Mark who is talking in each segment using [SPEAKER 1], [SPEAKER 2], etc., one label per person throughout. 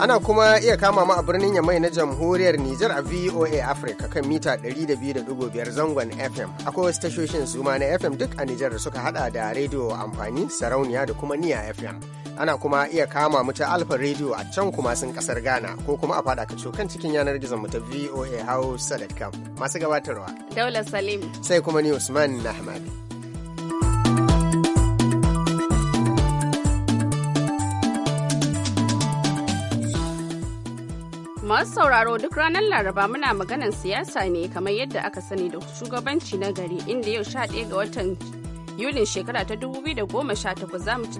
[SPEAKER 1] Ana kuma iya kama mu a birnin Yamai na Jamhuriyar Nijar a VOA Africa kan mita 200.5 zangon FM. Akwai wasu tashoshin suma na FM duk a Nijar da suka hada da rediyo amfani, sarauniya da kuma niya FM. Ana kuma iya kama mu ta Alfa rediyo a can kuma sun kasar Ghana ko kuma a fada kaco kan cikin yanar gizon mu ta VOA Hausa.com. Masu gabatarwa.
[SPEAKER 2] Daula Salim.
[SPEAKER 1] Sai kuma ni Usman Ahmad.
[SPEAKER 2] Masu sauraro duk ranar Laraba muna maganan siyasa ne kamar yadda aka sani da shugabanci na gari inda yau 11 ga watan Yulin shekara ta 2018 za mu ci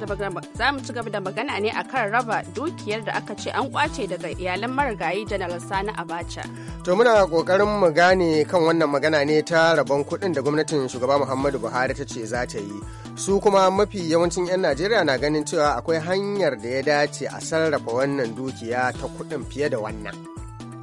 [SPEAKER 2] gaba da magana ne a kan raba dukiyar da aka ce an kwace daga iyalan marigayi janar Sani Abacha.
[SPEAKER 1] To muna kokarin mu gane kan wannan magana ne ta rabon kudin da gwamnatin shugaba Muhammadu Buhari ta ce za ta yi. Su kuma mafi yawancin 'yan Najeriya na ganin cewa akwai hanyar da ya dace a sarrafa wannan dukiya ta kudin fiye da wannan.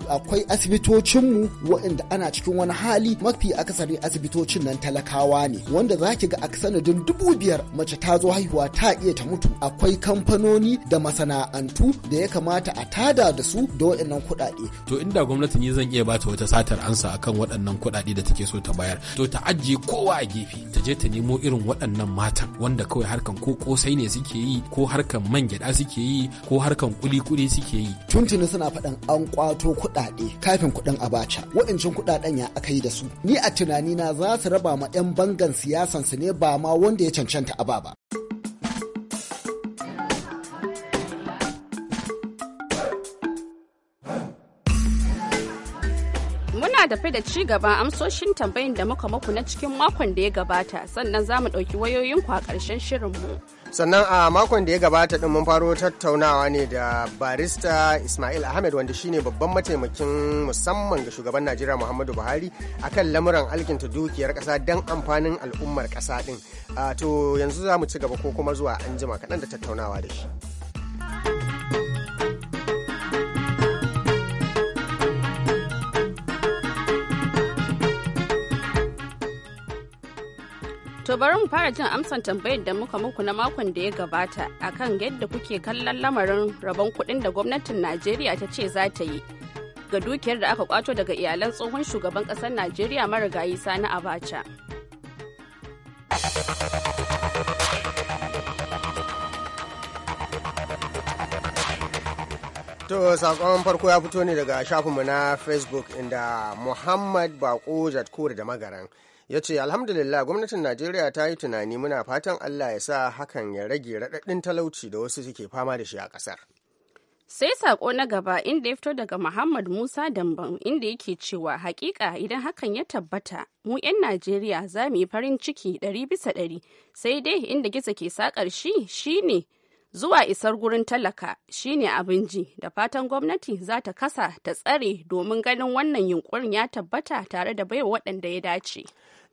[SPEAKER 1] akwai asibitocinmu waɗanda ana cikin wani hali mafi akasari asibitocin nan talakawa ne wanda za ki ga a sanadin dubu biyar mace ta zo haihuwa ta iya ta mutu akwai kamfanoni da masana'antu da ya kamata a tada da su da waɗannan kuɗaɗe.
[SPEAKER 3] To inda gwamnatin yi zan iya bata wata satar ansa akan waɗannan kuɗaɗe da take so ta bayar to ta ajiye kowa a gefe ta je ta nemo irin waɗannan matan wanda kawai harkan ko kosai ne suke yi ko harkan man gyaɗa suke yi ko
[SPEAKER 1] harkan kuli-kuli suke yi. Tuntuni suna faɗan an kwato kuɗi kuɗaɗe kafin kuɗin abaca waɗancan kuɗaɗen ya aka yi da su ni a tunani na za su raba ma 'yan bangan siyasan su ne ba ma wanda ya cancanta a ba.
[SPEAKER 2] muna tafe da ci gaban amsoshin tambayin da muka muku na cikin makon da ya gabata sannan za mu ɗauki wayoyinku a ƙarshen shirinmu.
[SPEAKER 1] sannan a makon da ya gabata din mun faro tattaunawa ne da barista ismail ahmed wanda shine babban mataimakin musamman ga shugaban najeriya muhammadu buhari akan lamuran alkinta dukiyar kasa don amfanin al'ummar kasa din to yanzu za mu ci gaba ko kuma zuwa anjima kaɗan da tattaunawa da shi
[SPEAKER 2] To bari mu fara jin amsan tambayar da muka muku na makon da ya gabata akan yadda kuke kallon lamarin rabon kuɗin da gwamnatin Najeriya ta ce za ta yi ga dukiyar da aka kwato daga iyalan tsohon shugaban ƙasar Najeriya marigayi Sani Abacha.
[SPEAKER 1] To sakon farko ya fito ne daga shafinmu na Facebook inda Muhammad Bako Zatkuri da magaran ya ce alhamdulillah gwamnatin najeriya ta yi tunani muna fatan allah ya sa hakan ya rage raɗaɗin talauci da wasu suke fama da shi a ƙasar
[SPEAKER 2] sai sako na gaba inda ya fito daga muhammad musa damban inda yake cewa hakika idan hakan ya tabbata mu 'yan najeriya za mu yi farin ciki ɗari bisa ɗari sai dai inda gizo ke sakar shi shine zuwa isar gurin talaka shine abin ji da fatan gwamnati za ta kasa ta tsare domin ganin wannan yunkurin ya tabbata tare da baiwa waɗanda ya dace.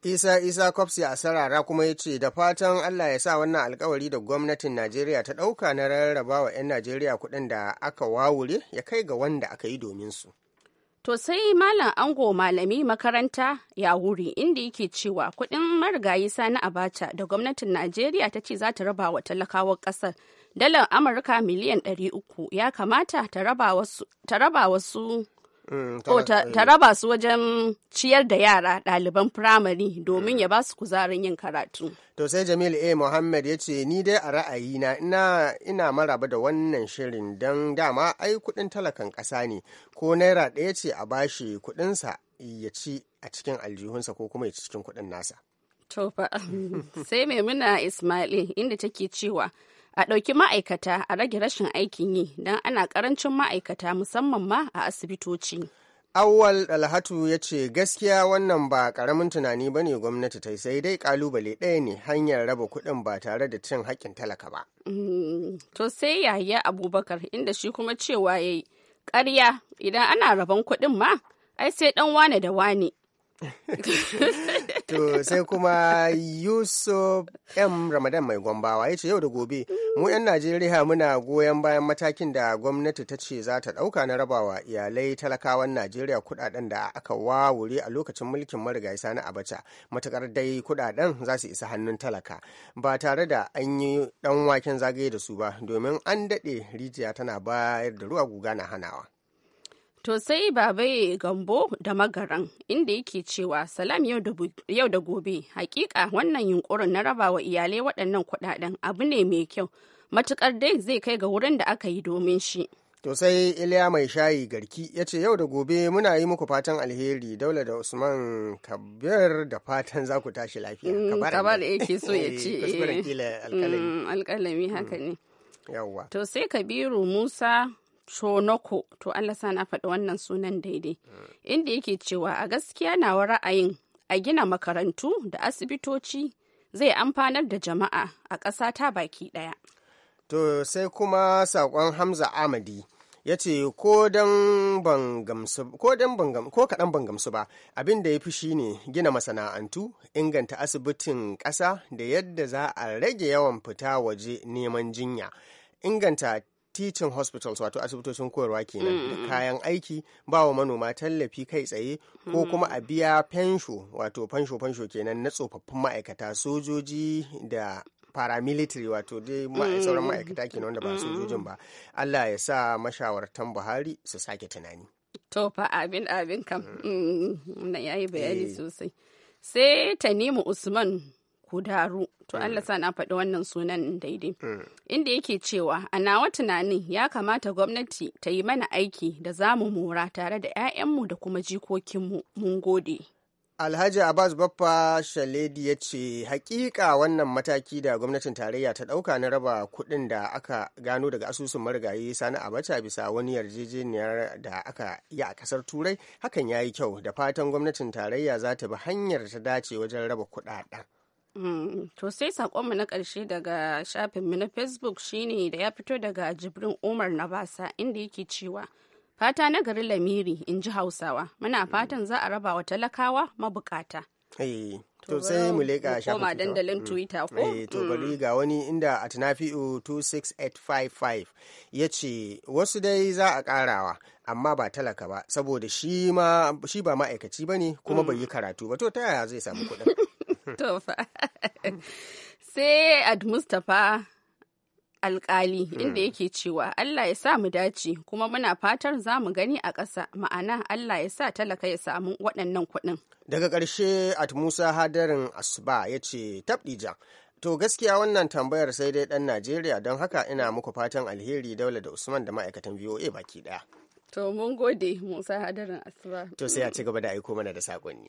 [SPEAKER 1] isa isa kwafsi a sarara kuma ya ce da fatan allah ya sa wannan alkawari da gwamnatin najeriya ta ɗauka na rarraba wa 'yan najeriya kuɗin da aka wawure ya kai ga wanda aka yi domin su.
[SPEAKER 2] To sai Malam Ango Malami makaranta ya wuri inda yake cewa kuɗin marigayi Sani Abacha da gwamnatin Najeriya ta ce za ta raba wa talakawar ƙasar dalar amurka miliyan 300 ya kamata ta raba wasu ta
[SPEAKER 1] mm, eh. raba
[SPEAKER 2] su wajen ciyar da yara ɗaliban firamare domin mm. ya ba su kuzarin yin karatu.
[SPEAKER 1] To sai Jamil A. Muhammad ya ce, Ni dai a ra'ayina ina, ina maraba da wannan shirin don dama ai kuɗin talakan ƙasa ne, ko naira ɗaya ce a bashi kuɗinsa ya ci a cikin aljihunsa ko kuma ya ci cikin kuɗin nasa.
[SPEAKER 2] To sai Maimuna Ismail inda take cewa a ɗauki ma'aikata a rage rashin aikin yi don ana ƙarancin ma'aikata musamman ma a asibitoci.
[SPEAKER 1] Awwal Alhatu ya ce gaskiya wannan ba karamin tunani ba ne gwamnati ta sai dai ƙalubale ɗaya ne hanyar raba kuɗin ba tare da cin haƙƙin talaka ba.
[SPEAKER 2] Mm, to sai yaya Abubakar inda shi kuma cewa ya yi ƙarya idan ana rabon kuɗin ma ai sai ɗan wane da wane
[SPEAKER 1] to sai kuma yusuf m ramadan mai gombawa ya ce yau da gobe mu 'yan najeriya muna goyon bayan matakin da gwamnati ta ce za ta ɗauka na rabawa iyalai talakawan najeriya kudaden da aka wawure a lokacin mulkin marigayi sani abacha matukar dai kudaden za su isa hannun talaka ba tare da an yi dan waken zagaye da su ba domin an daɗe rijiya tana bayar da ruwa guga na hanawa
[SPEAKER 2] To sai babai gambo da magaran inda yake cewa salam yau da gobe hakika wannan yunkurin na raba wa iyalai waɗannan kuɗaɗen abu ne mai kyau matukar dai zai kai ga wurin da aka yi domin shi.
[SPEAKER 1] To sai Iliya mai shayi garki ya ce yau da gobe muna yi muku fatan alheri daula da Usman Kabir da fatan za ku tashi lafiya.
[SPEAKER 2] Mm, Kabar Yawwa. Eh, mm, mm. To sai Kabiru Musa Shonoko, to Allah sa na faɗi wannan sunan daidai, eh. inda yake cewa a gaskiya nawa ra'ayin a gina makarantu da asibitoci zai amfanar da jama'a a ƙasa ta baki ɗaya.
[SPEAKER 1] To sai kuma saƙon Hamza Amadi. ya ce ko dan kaɗan ban gamsu ba abin da ya fi shi ne gina masana'antu inganta asibitin ƙasa da yadda za a rage yawan fita waje neman jinya inganta teaching hospitals wato asibitocin koyarwa kenan mm, da mm, mm. kayan aiki ba wa manoma tallafi kai tsaye ko kuma a biya fensho wato fensho fansho kenan na tsofaffin ma'aikata sojoji da paramilitary wato dai sauran ma'aikata kenan wanda ba sojojin ba allah ya sa mashawartan buhari su sake tunani
[SPEAKER 2] to fa abin abin kam na yayi bayani eh. sosai sai tanimu usman Kudaru, to Allah eh. sa na faɗi wannan sunan daidai. Eh. Inda yake cewa a nawa tunanin ya kamata gwamnati ta yi mana aiki da za mu mora tare da 'ya'yanmu da kuma jikokinmu mun gode.
[SPEAKER 1] Alhaji Abbas Baffa Shaledi ya ce hakika wannan mataki da gwamnatin tarayya ta ɗauka na raba kuɗin da aka gano daga asusun marigayi Sani Abacha bisa wani yarjejeniyar da aka yi a kasar Turai hakan ya yi kyau da fatan gwamnatin tarayya za ta bi hanyar ta dace wajen raba kuɗaɗen.
[SPEAKER 2] Mm, to sai sakonmu na ƙarshe daga shafinmu na Facebook shine da ya fito daga Jibrin Umar na basa inda yake cewa fata na gari lamiri in ji Hausawa muna mm. fatan za a raba wa talakawa mabukata.
[SPEAKER 1] Eh, to sai mu leka shafin dandalin mm. twitter ko eh, to bari ga wani inda a tunafi'u 26855 ya ce wasu dai za a karawa amma ba talaka ba saboda shi ba ma'aikaci ba ne kuma bai yi karatu ba to ta yaya zai samu kuɗin
[SPEAKER 2] to sai ad mustapha alkali inda hmm. yake cewa Allah ya sa mu dace kuma muna fatar za mu gani a ƙasa ma'ana Allah ya sa talaka ya samu waɗannan kuɗin.
[SPEAKER 1] Daga ƙarshe at Musa Hadarin Asuba ya ce tabdija To gaskiya wannan tambayar sai dai ɗan Najeriya don haka ina muku fatan alheri daula da Usman da ma'aikatan VOA baki ɗaya.
[SPEAKER 2] To mun gode Musa Hadarin Asuba.
[SPEAKER 1] To sai a ci gaba da aiko mana da saƙonni.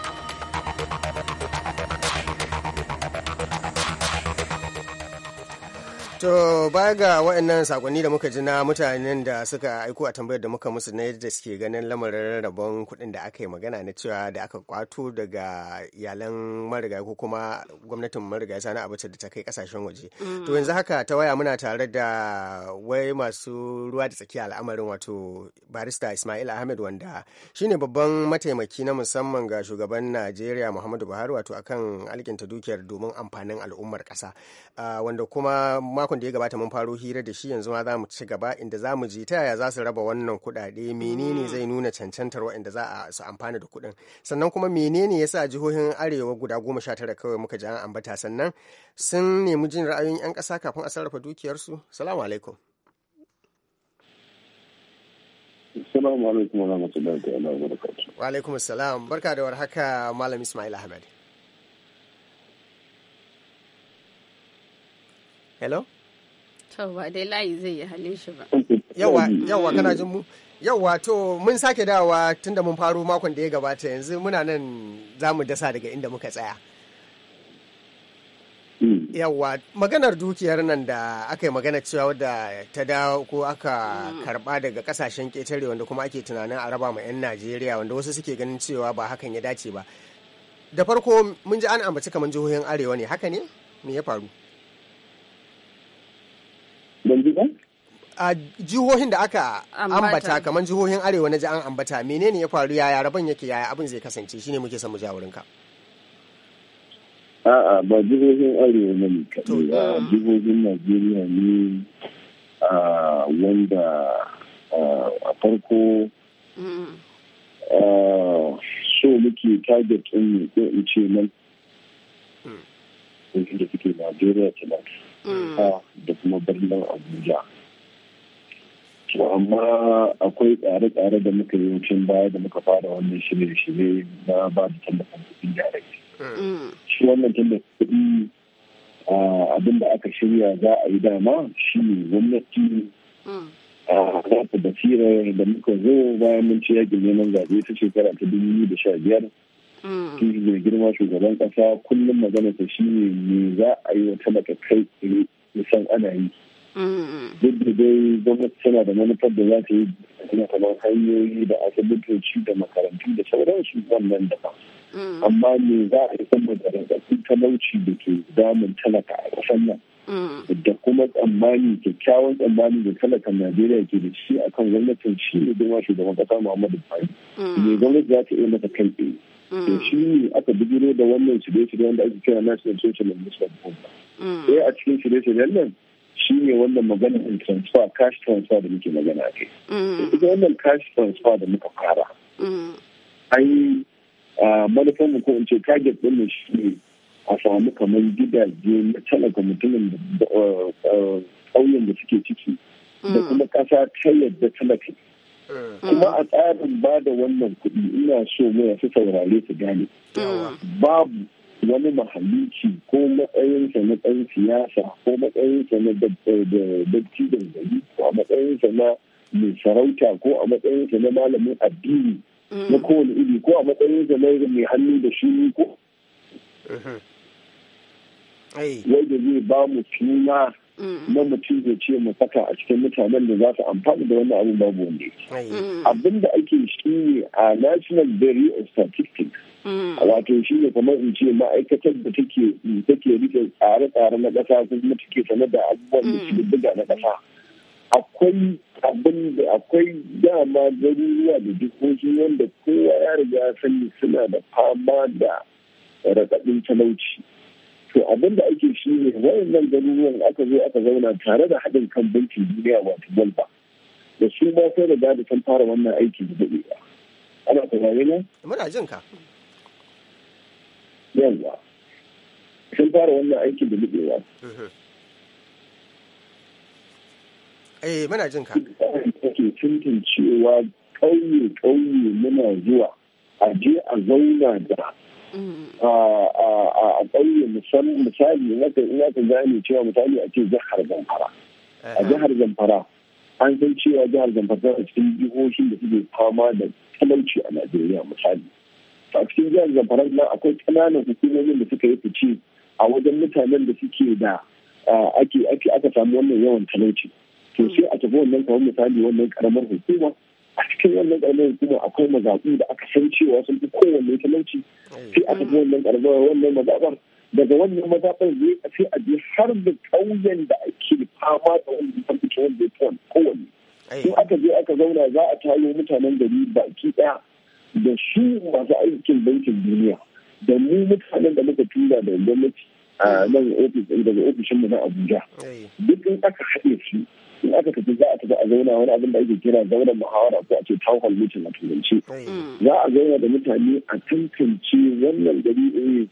[SPEAKER 1] To baya ga waɗannan sakonni da muka ji na mutanen da suka aiko a tambayar da muka musu na yadda suke ganin lamarin rabon kuɗin da aka yi magana na cewa da aka kwato daga iyalan marigayi ko kuma gwamnatin marigayi sana abuce da ta kai kasashen waje. Mm. To yanzu haka ta waya muna tare da wai masu ruwa da tsakiya al'amarin wato barista Ismail Ahmed wanda shine babban mataimaki na musamman ga shugaban Najeriya Muhammadu Buhari wato akan alkinta dukiyar domin amfanin al'ummar kasa ah, Wanda kuma makon da ya gabata mun faro hira da shi yanzu ma za mu ci gaba inda za mu ji ta yaya za su raba wannan kuɗaɗe menene zai nuna cancantar inda za a su amfana da kuɗin sannan kuma menene yasa jihohin arewa guda goma sha tara kawai muka ji an ambata sannan sun nemi jin ra'ayoyin 'yan ƙasa kafin a sarrafa dukiyarsu salamu alaikum
[SPEAKER 3] Assalamu alaikum wa rahmatullahi wa
[SPEAKER 1] Wa alaikum salam Barka da warhaka Malam Ismail Ahmed. Hello?
[SPEAKER 2] To ba dai layi zai yi halin shi ba.
[SPEAKER 1] Yawa kana jin mu? Yawa to mun sake dawa tunda mun faro makon da ya gabata yanzu muna nan za mu dasa daga inda muka tsaya. Yawa maganar dukiyar nan da aka yi magana cewa wadda ta dawo ko aka karba daga kasashen ketare wanda kuma ake tunanin a raba ma 'yan Najeriya wanda wasu suke ganin cewa ba hakan ya dace ba. Da farko mun ji an ambaci kamar jihohin Arewa ne haka ne? Me ya faru? a jihohin da aka ambata kamar jihohin arewa na ji an ambata menene ya faru yaya rabon yake yaya abin zai kasance shine muke son mu wurin ka.
[SPEAKER 3] a'a ba jihohin arewa na ne kaɗai um, jihohin najeriya ne wanda a farko mm. so muke target ɗin ko in ce nan mm. da suke najeriya kenan mm. da kuma birnin abuja to amma akwai tsare-tsare da muka yi wucin baya da muka fara wannan shirye-shirye na ba da tallafin kuɗi da
[SPEAKER 4] rage mm.
[SPEAKER 3] shi wannan tallafin kuɗi abin da aka shirya za a yi dama shi ne gwamnati mm. za ta basira da muka zo bayan mun ci yaƙin neman zaɓe ta shekara ta dubu biyu da sha biyar
[SPEAKER 4] mm. shi mai
[SPEAKER 3] girma shugaban ƙasa kullum magana ta shi ne me za a yi wa talaka kai tsaye san ana yi
[SPEAKER 4] duk
[SPEAKER 3] da dai gwamnati tana da manufar da za ta yi na kamar hanyoyi da asibitoci da makarantu da sauransu wannan ba amma me za a yi saboda rantsatsun talauci da ke damun talaka a ƙasar nan da kuma tsammani kyakkyawan tsammani da talakan najeriya ke da shi akan gwamnatin shi ne girma shugaban ƙasa muhammadu buhari me gwamnati za ta iya mata kai tsaye to shi ne aka bijiro da wannan shirye-shiryen da ake kira national social investment
[SPEAKER 4] program sai a
[SPEAKER 3] cikin shirye-shiryen nan shi ne wannan maganar transfer cash transfer da muke magana kai mm. ita wannan cash transfer da muka fara mm. ai manufar mu ko in ce target ɗin mu shi ne a samu kamar gidaje na talaka mutumin da uh, uh, ƙauyen da suke ciki da mm. kuma ƙasa ta yadda talaka kuma a tsarin ba da wannan kuɗi ina so mu su saurare su gane babu wani mahalicci ko matsayinsa na ɗan siyasa ko matsayinsa na eh, da gari ko a matsayinsa na mai sarauta ko a matsayinsa na malamin addini na mm. kowane iri ko a matsayinsa na mai hannu da shi ko mm-hmm. wanda zai ba mu suna na mutum zai ce mu saka a cikin mutanen da za su amfani da wani abu babu wanda abin da ake shi ne a national bureau of statistics wato shi ne kamar in ce ma'aikatar da take take rike tsare-tsare na ƙasa ko kuma take sanar da abubuwan da suke buga na ƙasa akwai abin da akwai dama garuruwa da jikoki wanda kowa ya riga sani suna da fama da raɗaɗin talauci to abin da ake shi ne wayannan garuruwan aka zo aka zauna tare da haɗin kan bankin duniya wato walba da su ba sai da gadi sun fara wannan aiki da ba ana tunani ne muna jin ka yawa sun fara wannan aiki da ba
[SPEAKER 1] mhm. eh muna jin ka
[SPEAKER 3] ake tuntuncewa ƙauye ƙauye muna zuwa a je a zauna da a ƙauye misali ina ka gane cewa misali a ce jihar zamfara a eh. jihar zamfara an san cewa jihar zamfara a cikin jihohin da suke fama da talauci a najeriya misali a cikin jihar zamfara nan akwai ƙananan hukumomin da suka yi fice a wajen mutanen da suke da ake aka samu wannan yawan talauci to sai a tafi wannan kamar misali wannan karamar hukuma a cikin wannan karamar hukuma akwai mazaɓu da aka san cewa sun fi kowanne talauci sai aka fi wannan karamar wannan mazaɓar daga wannan mazaɓar zai sai a je har da ƙauyen da ake fama da wannan tabbacin wanda ya fi kowanne. In aka je aka zauna za a tayo mutanen gari baki ɗaya da su masu aikin bankin duniya da mu mutanen da muka tura da gwamnati nan ofis daga ofishin mu na Abuja eh. duk in aka haɗe shi in aka tafi za a tafi a zauna wani abin da ake kira zaunar muhawara ko a ce town mutum a turanci eh. mm. za a zauna da mutane a tantance wannan gari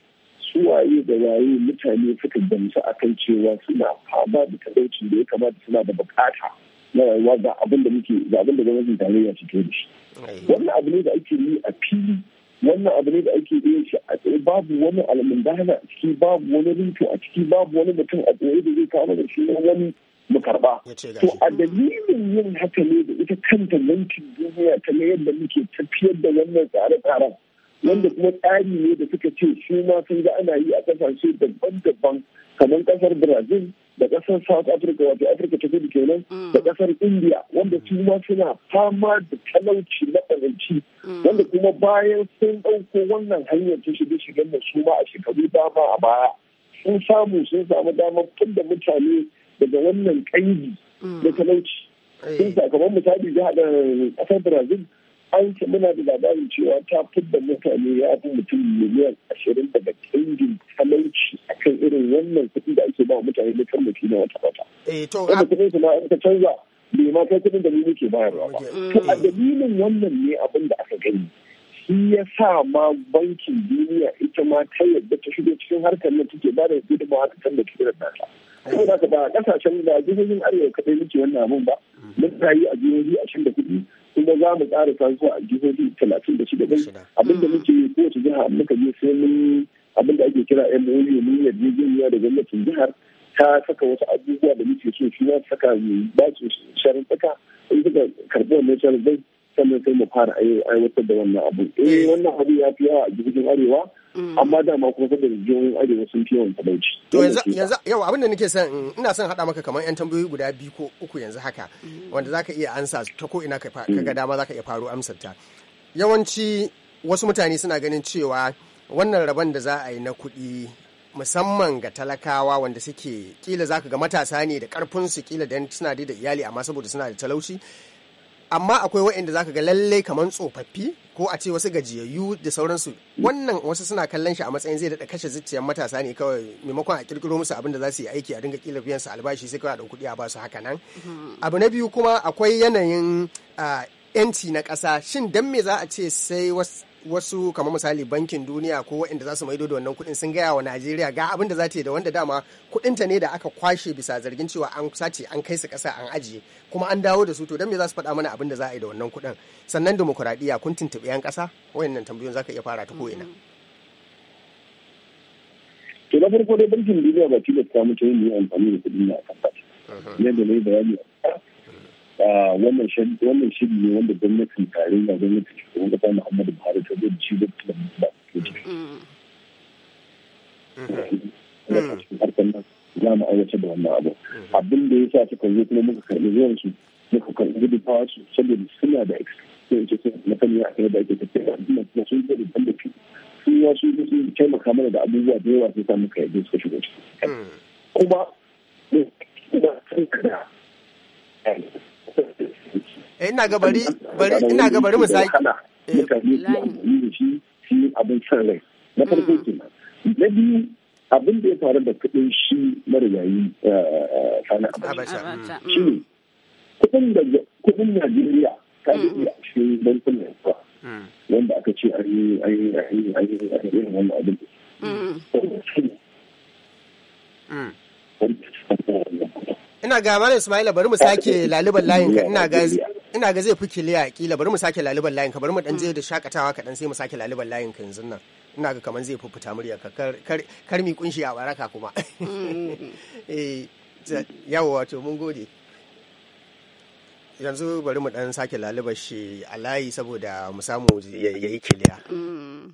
[SPEAKER 3] waye da waye mutane suka gamsu a kan cewa suna fama da talaucin da ya kamata suna da bukata na rayuwa ga abin da muke ga abin da gwamnatin tarayya ta da shi eh. wannan abu ne da ake yi a fili wannan abu ne da ake yin shi a tsaye babu wani almundana a ciki babu wani rinto a ciki babu wani mutum a tsaye da zai kawo da shi wani mukarba. To a dalilin yin haka ne da ita kanta yankin duniya ta na yadda muke tafiyar da wannan tsare-tsaren. Wanda kuma tsari ne da suka ce su ma sun ga ana yi a kasashe daban-daban kamar kasar Brazil da kasar south africa wato afirka ta kudu kenan mm. da kasar india wanda su suna fama da talauci na ƙaranci mm. wanda kuma bayan sun ɗauko wannan hanyar ta shige shigen da su ma a shekaru dama a baya sun samu sun samu damar da mutane daga wannan kaibi mm. na talauci eh. sun sakamakon misali jihar kasar brazil an ce muna da labarin cewa ta fidda mutane ya fi mutum miliyan ashirin daga canjin talauci kan irin wannan kuɗi da ake ba mutane na mutum na wata wata. Eh, Wanda kuma kuma an ka canza bai ma kai kuɗin da ni muke bayarwa ba. To a dalilin wannan ne abin da aka gani. shi ya sa ma bankin duniya ita ma ta yadda ta shigo cikin harkar nan take ba da yadda ta kan da take da nata saboda haka ba kasashen da jihohin arewa kadai muke wannan abun ba mun ta yi a jihohi ashirin da kuɗi kuma za mu ƙara zuwa a jihohi talatin da shida ɗin abinda muke kowace jiha muka je sai mun abin da ake kira yan mawuni mun yarjejeniya da gwamnatin jihar ta saka wasu abubuwa da muke so shi za saka ba su sharin tsaka in suka karɓi wannan sharin sannan sai mu fara aiwatar da wannan abu eh, eh wannan abu ya fi yawa a jirgin arewa mm. amma dama kuma saboda jirgin arewa sun fi yawan talauci to yanzu
[SPEAKER 1] yau abin da nake son ina son haɗa maka kamar yan tambayoyi guda biyu ko uku yanzu haka mm. wanda zaka iya ansa ta ko ina ka ga mm. dama zaka iya faro amsar ta yawanci wasu mutane suna ganin cewa wannan rabon da za a yi na kuɗi musamman ga talakawa wanda suke kila zaka ga matasa ne da karfin su kila dan suna da iyali amma saboda suna da talauci amma akwai waɗanda zaka ga lallai kamar tsofaffi ko a ce wasu gajiyayyu da sauransu wannan wasu suna kallon shi a matsayin zai daɗa kashe zuciyar matasa ne kawai maimakon a kirkiro musu abin da za su yi aiki a dinga kila biyan su albashi sai kawai a kuɗi a basu haka nan mm-hmm. abu na biyu kuma akwai yanayin ah, yanci na ƙasa shin dan me za a ce sai wasu wasu kamar misali bankin duniya ko waɗanda za su maido da wannan kuɗin sun gaya wa Najeriya ga abin da za ta yi da wanda dama kuɗinta ne da aka kwashe bisa zargin cewa an sace an kai su ƙasa an ajiye kuma an dawo da su to dan me za su faɗa mana abin da za a yi da wannan kuɗin sannan demokuraɗiyya kun tuntuɓi 'yan ƙasa wayannan tambayoyin za ka iya fara ta ko ina. Mm.
[SPEAKER 3] to na farko dai bankin duniya ba tilasta ka ta yin amfani da kuɗin ne a kan ne da ne bayani wannan shiri ne wanda gwamnatin tarayya gwamnatin shugaban kasa muhammadu buhari ta zai ci da ba ke za mu aiwace da wannan abu abin da ya sa suka zo kuma muka karɓi zuwan su muka karɓi gudunmawa su saboda suna da experience na kan a kan da ake tafiya da kuma kuma sun zo da tallafi sun ya su sun taimaka mana da abubuwa da yawa sai sa muka yaje suka shigo ciki kuma kuma sun kada Eh, ina ga bari bari ina ga bari mu eh. shi shi abin san rai na farko mm. kenan na biyu abin da ya faru da kuɗin shi marigayi eh, sani mm. Mm. shi kuɗin da najeriya ta yi a cikin bankunan wanda aka ce an yi
[SPEAKER 1] ina ga malam Ismaila bari mu sake laliban layin ka ina ga ina ga zai fi kiliya kila bari mu sake laliban layin ka bari mu dan je da shakatawa kaɗan sai mu sake laliban layin ka yanzu nan ina ga kaman zai fi fita murya ka kar mi kunshi a baraka kuma mm. eh yawo wato mun gode yanzu bari mu dan sake lalibar shi a layi saboda mu samu yayi kiliya
[SPEAKER 5] mm.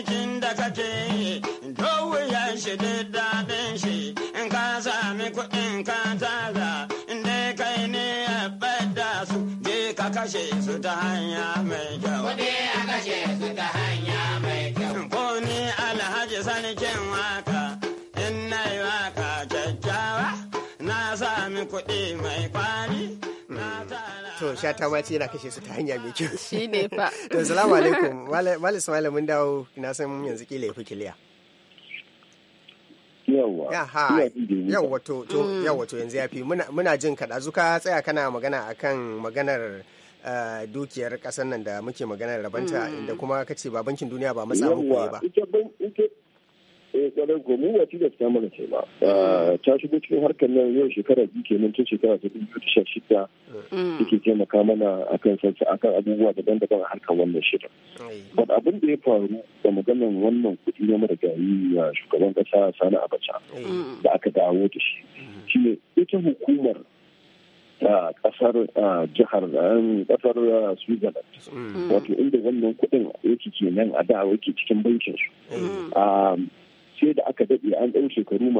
[SPEAKER 5] aikin da kake dowu ya shi daɗin shi in ka sami kuɗin ka tara inda kai ne ya bada su je ka kashe su ta hanya mai kyau
[SPEAKER 1] to sha ta mace yana kashe su ta hanya mai kyau shi ne fa to salamu alaikum malam malam mun dawo na san yanzu kila ya fi kiliya yawa yawa to to mm. yawa to yanzu ya fi muna jin kaɗa zuka tsaya kana magana akan maganar eh, dukiyar kasar nan da muke maganar rabanta mm. inda kuma ka ce ba bankin duniya ba matsa muku ba.
[SPEAKER 3] eh kwarai ko mu ba da ta mana ce ba ah, ta shigo cikin harkar nan yau shekara biyu kenan tun shekara ta dubu da sha shida mm. take taimaka mana akan sansa akan abubuwa daban-daban a harkar wannan shida but abin da ya faru da maganar wannan kuɗi na mara gari a shugaban kasa sani abacha da aka dawo da shi shi ne ita hukumar a kasar jihar kasar switzerland
[SPEAKER 4] mm. wato
[SPEAKER 3] inda wannan kudin yake nan, a da yake cikin bankin su ce da aka daɗe an ɗan shekaru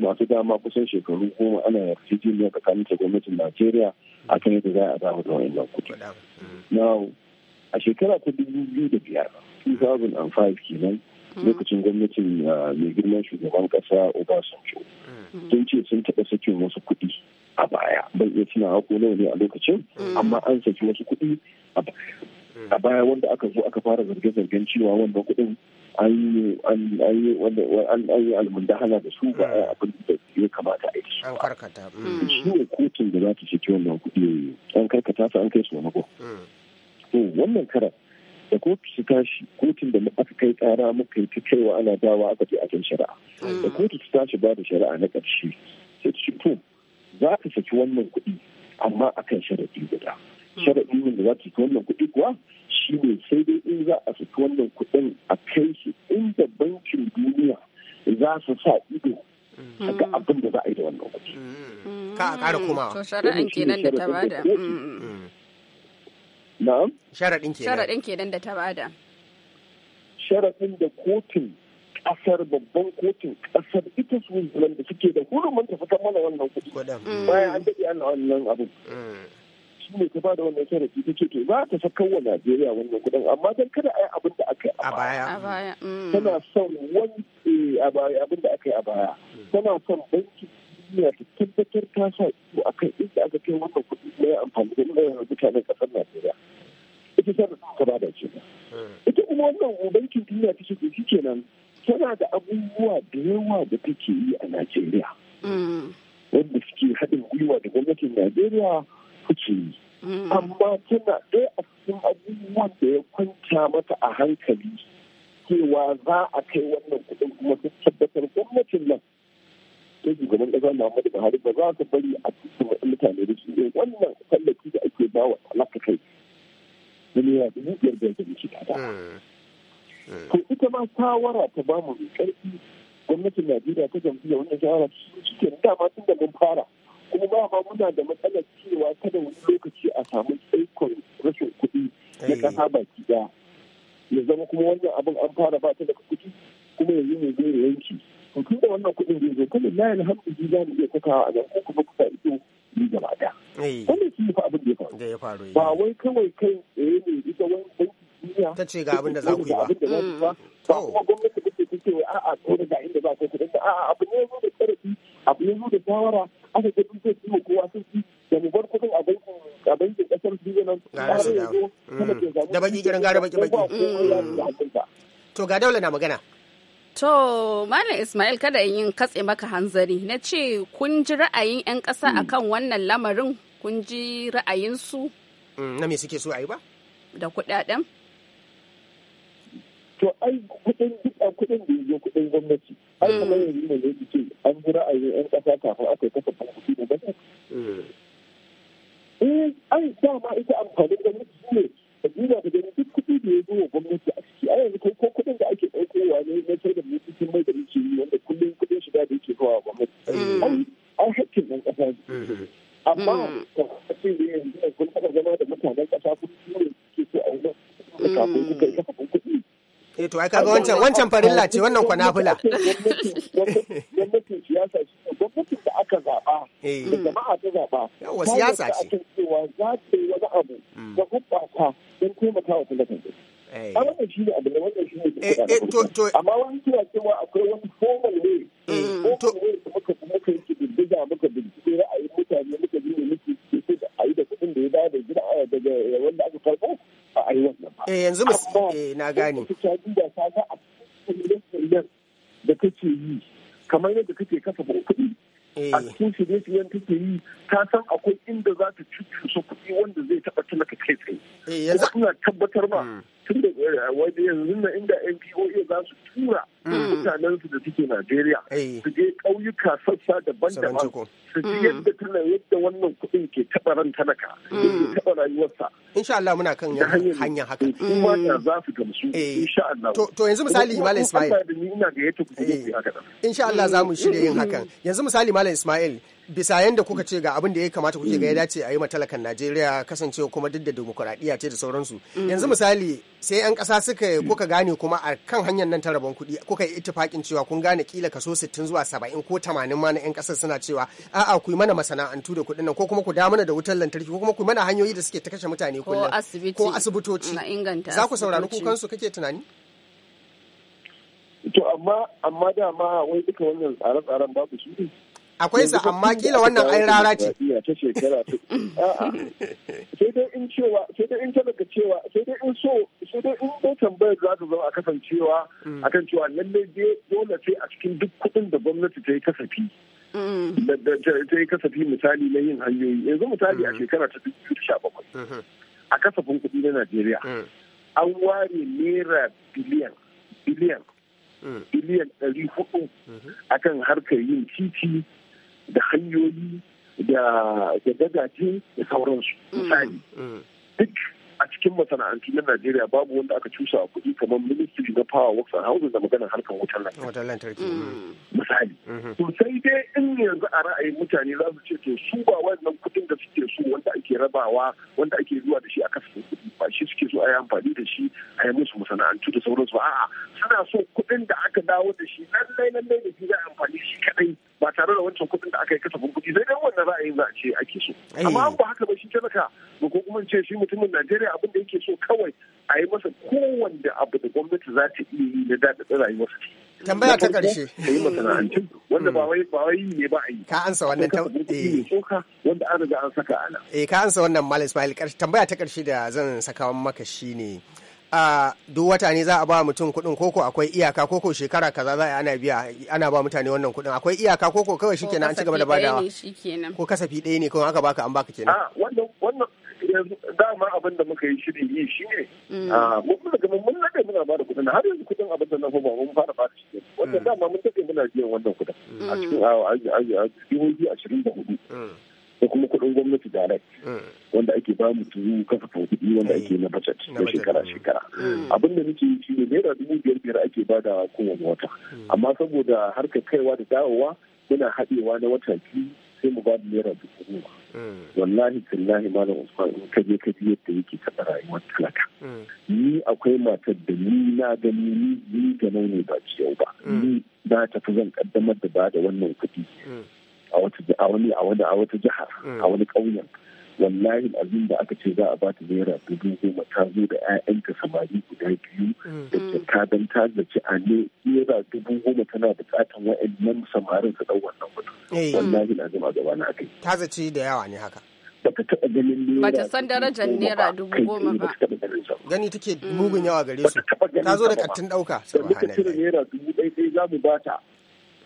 [SPEAKER 3] masu dama kusan shekaru goma ana yarjejeniya tsakanin ta gwamnatin najeriya a kan yadda za a dawo da kuɗi now a shekara ta dubu biyu da biyar 2005 kenan mm. lokacin gwamnatin ah, mai girman shugaban kasa obasanjo mm. sun ce sun taɓa saki wasu kuɗi a baya ban iya tunawa ko nawa ne a lokacin mm. amma an saki wasu kuɗi a baya a baya wanda aka zo aka fara zarge-zargen cewa wanda kuɗin an yi almundahala da su ba a hmm. abin da ya
[SPEAKER 1] kamata a yi su. An karkata. Hmm. Shi
[SPEAKER 3] ne kotun da za ta ce wannan kuɗi an karkata su an kai su wani hmm. To wannan kara da kotu su tashi kotun da aka kai tsara muka yi ta kaiwa ana dawa aka je a kan shari'a. Da kotu su tashi ba da shari'a na ƙarshe sai ta ce to za ka saki wannan kuɗi amma akan sharaɗi guda. sharaɗin yin da za su wannan kuɗi kuwa shi ne sai dai in za a fita wannan kuɗin a kai shi inda bankin duniya za su sa ido a ga mm. abin da za a yi da wannan kuɗi.
[SPEAKER 2] Mm. Ka a ƙara mm. kuma. To sharaɗin kenan da ta bada.
[SPEAKER 3] Na'am? Sharaɗin kenan. Sharaɗin
[SPEAKER 2] kenan da ta bada.
[SPEAKER 3] Sharaɗin da kotun kasar babban kotun kasar ita su da suke da hurumin fitar mana wannan kuɗi. Bayan an daɗe ana wannan abin. shi ne ta bada wannan sharafi ta ce to za ta sakar wa Najeriya wannan kuɗin amma dan kada a yi abin da aka yi a baya mm. tana son wani abin da aka yi a baya mm. tana son banki duniya ta tabbatar ta sa ido kan inda aka kai wannan kuɗi na ya amfani da mutanen ƙasar Najeriya ita sanar ta bada ce mm. ita kuma wannan bankin duniya ta ce shi kenan tana da abubuwa da yawa da take yi a Najeriya. Wanda suke haɗin gwiwa da gwamnatin Najeriya kuke amma tana ɗaya a cikin abubuwan da ya kwanta mata a hankali cewa za a kai wannan kuɗin kuma ta tabbatar gwamnatin nan ta shugaban ƙasa Muhammadu Buhari ba za ta bari a cikin mutane da su eh, wannan tallafi da ake ba wa talaka kai miliyan dubu biyar da dubu shida da. Hmm. To ita ma shawara ta ba mu ƙarfi gwamnatin Najeriya ta gamsu da wannan shawara su suke dama tun da mun fara. kuma ba ma muna da matsalar cewa kada wani lokaci a samu tsaikon rashin kuɗi na eh. ƙasa baki ɗaya ya zama kuma wannan abin an fara ba ta daga kuɗi kuma yanzu ne zai yanki to tun da wannan kuɗin zai zo kada na yana hamdu za mu iya sakawa a nan ko kuma kusa ido ni gaba ɗaya eh. wannan shi fa abin
[SPEAKER 1] da ya faru eh. ba
[SPEAKER 3] wai kawai kai tsaye ne ita wani banki duniya ta ce ga abin da za ku yi ba ba mm, mm, mm. kuma gwamnati ce wai a'a ko da inda za ku kuɗin a'a abu ne zo da tsarafi abu ne zo da shawara aka ga duk zai ciwo kowa sun ci da mu bar kudin a bankin a bankin
[SPEAKER 1] ƙasar biyu nan ƙara mm. da baki gidan gara baki baki to ga daula na magana
[SPEAKER 2] To, Malam Ismail kada in yin katse maka hanzari, na ce kun ji ra'ayin 'yan ƙasa mm. akan wannan lamarin kun ji ra'ayinsu?
[SPEAKER 1] Mm, na me suke so a yi ba?
[SPEAKER 2] Da kuɗaɗen?
[SPEAKER 3] to ai kudin dukkan kudin da yake kudin gwamnati ai kamar hmm. yanzu ne ne ce an a ra'ayin yan kasa kafin aka kafa kuɗi da gwamnati hmm. eh ai ma ita amfanin mutum ne da duba da gani duk da ya zo wa gwamnati a ciki ai yanzu ko kudin da ake ɗaukowa ne na sai da mutum mai da yake yi wanda kullum kudin shiga da yake kawo gwamnati hmm. ai hakkin ɗan ƙasa
[SPEAKER 4] ne amma
[SPEAKER 3] a ce da yanzu kun taɓa zama da mutanen ƙasa kun ne suke so a wani kafin kafa kuɗi
[SPEAKER 1] eh to ai kaga wancan wancan farilla ce wannan kwanafula gwamnatin
[SPEAKER 3] siyasa shi gwamnatin da aka zaba eh. da jama'a ta zaba yawa siyasa ce cewa za ta yi wani abu mm. da hubbata don taimaka wa talakan eh. a wannan shi ne abu da wannan shi ne eh, amma wani kira cewa akwai wani formal way mm, formal way da muka muka yi kididdiga muka bincike ra'ayin mutane muka bi muke da a yi da kuɗin da ya bada da gida daga wanda aka karɓo a yi ba.
[SPEAKER 1] Eh yanzu eh na gane. Amma
[SPEAKER 3] duba ta ga a da kake yi kamar yadda kake kafa kuɗi a eh. cikin shirye-shiryen kake yi ta san akwai inda za ta cucusa kuɗi wanda zai taɓa talaka kai tsaye. Eh, kuma ina tabbatar ma mm. tun da eh, wani yanzu na inda NPOA za su tura mm. mutanen su da suke Najeriya eh. su je ƙauyuka sassa daban-daban su ji mm. yadda tana yadda wannan kuɗin ke taɓa ran talaka ke
[SPEAKER 1] taɓa rayuwarsa. Insha Allah muna kan hanya haka. Kuma da za su gamsu insha Allah. To yanzu misali Malam Ismail. Ina da yadda kuɗi Insha Allah za mu shirya yin hakan. Yanzu misali Malam Ismail bisa yanda kuka ce ga abin da ya kamata kuke ga ya dace a yi talakan Najeriya kasancewa kuma duk da demokuraɗiyya ce da sauransu yanzu misali sai yan ƙasa suka kuka gane kuma a kan hanyar nan ta rabon kuɗi kuka yi ittifaƙin cewa kun gane kila kaso 60 zuwa saba'in ko 80 ma na yan ƙasar suna cewa a'a ku yi mana masana'antu da kuɗin nan ko kuma ku da mana da wutar lantarki ko kuma ku mana hanyoyi da suke ta kashe mutane kullum
[SPEAKER 2] ko asibitoci za ku saurari kukansu kake
[SPEAKER 1] tunani
[SPEAKER 3] to amma amma dama wai duka wannan tsare-tsaren babu shi akwai sa amma kila wannan ai rara ce ta tambayar za zama a kasancewa mm. akan cewa lallai dole sai a cikin duk kuɗin da gwamnati ta yi kasafi mm. ta misali na yin hanyoyi yanzu misali a mm. shekara ta dubu sha bakwai mm-hmm. a kasafin kuɗi na najeriya an ware naira biliyan biliyan biliyan ɗari hudu mm-hmm. akan harkar yin titi د خيولي د د دغه دغه څورنج مثال دک a cikin masana'antu na Najeriya babu wanda aka cusa a kuɗi kamar ministry na power works and houses da maganar harkar wutar lantarki. Mm. Mm. Misali. Mm-hmm. To sai dai in yanzu a ra'ayin mutane za su ce to su ba wannan kuɗin da suke so wanda ake rabawa wanda ake zuwa da shi a kasafin kuɗi ba shi suke so a yi amfani da shi a yi musu masana'antu da sauransu ba a'a suna so kuɗin da aka dawo da shi lallai lallai da shi za a amfani shi kaɗai ba tare da wancan kuɗin da aka yi kasafin kuɗi sai dai wannan ra'ayin za a ce ake so. Amma ba haka ba shi ka ba ko kuma ce shi mutumin Najeriya najeriya abin da yake so kawai a yi masa kowanne abu da gwamnati za ta iya yi na
[SPEAKER 1] daɗaɗa rayuwarsa tambaya ta ƙarshe ka yi masana'antun wanda ba wai ba wai ne ba a yi ka ansa wannan ta eh. wanda an riga an saka ana eh ka ansa wannan mal ismail tambaya ta ƙarshe da zan saka maka shine a duk wata ne za a ba mutum kuɗin koko akwai iyaka koko shekara kaza za a ana biya ana ba mutane wannan kuɗin akwai iyaka koko kawai shikenan an ci gaba da badawa ko kasafi ɗaya ne kawai aka baka an baka kenan
[SPEAKER 2] wannan
[SPEAKER 3] dama abin da muka yi shirin yi shi ne mm. ah, mun kuma daga mun nade muna ba da kuɗin har yanzu kuɗin abin da na fa ba mun fara ba da shi wannan mm. dama mun take muna biyan wannan kuɗin a mm. cikin ah, a jihohi ashirin da hudu da kuma kuɗin gwamnati direct wanda ake ba mu turu kafa kudi wanda ake na budget na shekara shekara abin da nake yi shine naira dubu biyar biyar ake ba da kowane wata amma saboda harkar kaiwa da dawowa muna haɗewa na wata biyu sai mu ba da naira dubu goma mm. wallahi tallahi malam usman in ka je ka ji yadda yake taɓa rayuwar talaka mm. ni akwai matar da ni na gani ni ni ga ne ba ciyau ba mm. ni na tafi zan kaddamar da ba da wannan kuɗi a wani a wani a wata jihar a wani ƙauyen wallahi abin da aka ce za a bata naira dubu goma ta zo da 'ya'yanta samari guda biyu mm. da kyauta mm. don ta zaci a ne naira dubu goma tana bukatan wa'annan samarin su ɗau wannan mutum
[SPEAKER 1] eh. wallahi na a gaba na kai ta zaci da yawa ne haka bata taɓa ganin naira bata san
[SPEAKER 2] darajar naira dubu goma ba
[SPEAKER 1] gani take mm. mugun yawa gare su ta zo da kattin ɗauka sai ba cire
[SPEAKER 3] naira dubu ɗaya za mu bata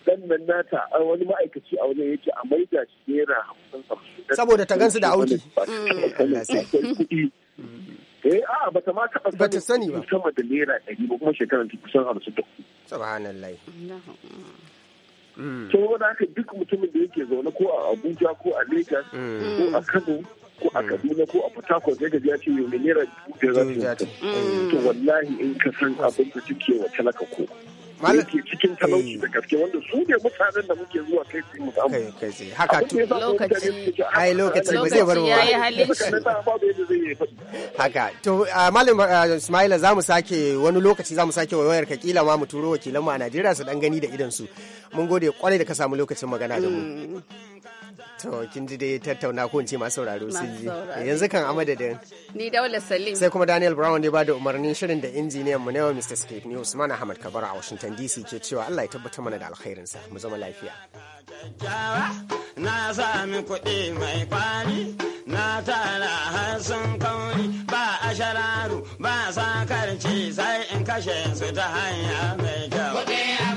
[SPEAKER 3] dan nan nata wani ma'aikaci a wani yake a maida shi naira hamsin hamsin saboda ta gansu da auki mm, kuɗi a eh, a'a bata ma taɓa sani ba sama da naira ɗari ba kuma shekarar
[SPEAKER 1] ta kusan hamsin da kuɗi subhanallah
[SPEAKER 3] to da haka duk mutumin da yake zaune ko a abuja ko a lagos ko a kano ko a kaduna ko a port sai gaji ya ce yau naira dubu biyar za ta to wallahi in ka san abin da take wa talaka ko yake cikin talauci
[SPEAKER 1] haka to lokaci ai lokaci mu haka to uh, malam uh, sake wani lokaci za mu sake wayar ka kila ma mu turo wakilan mu a Najeriya su dan gani da idan su mun gode kwarai da ka samu lokacin magana da mu mm. To kin ji dai tattauna ko ce masu sauraro sun ji. Yanzu kan a
[SPEAKER 2] Ni Daula Salim. Sai
[SPEAKER 1] kuma Daniel Brown ne ba da umarnin shirin da injiniyan mu na yau Mr. Skate news Usman Ahmad Kabara a Washington DC ke cewa Allah ya tabbatar mana da sa mu zama lafiya.
[SPEAKER 5] Na sami kuɗi mai kwali na tara har sun kauri ba a shararu ba sakarci sai in kashe su ta hanya mai kyau.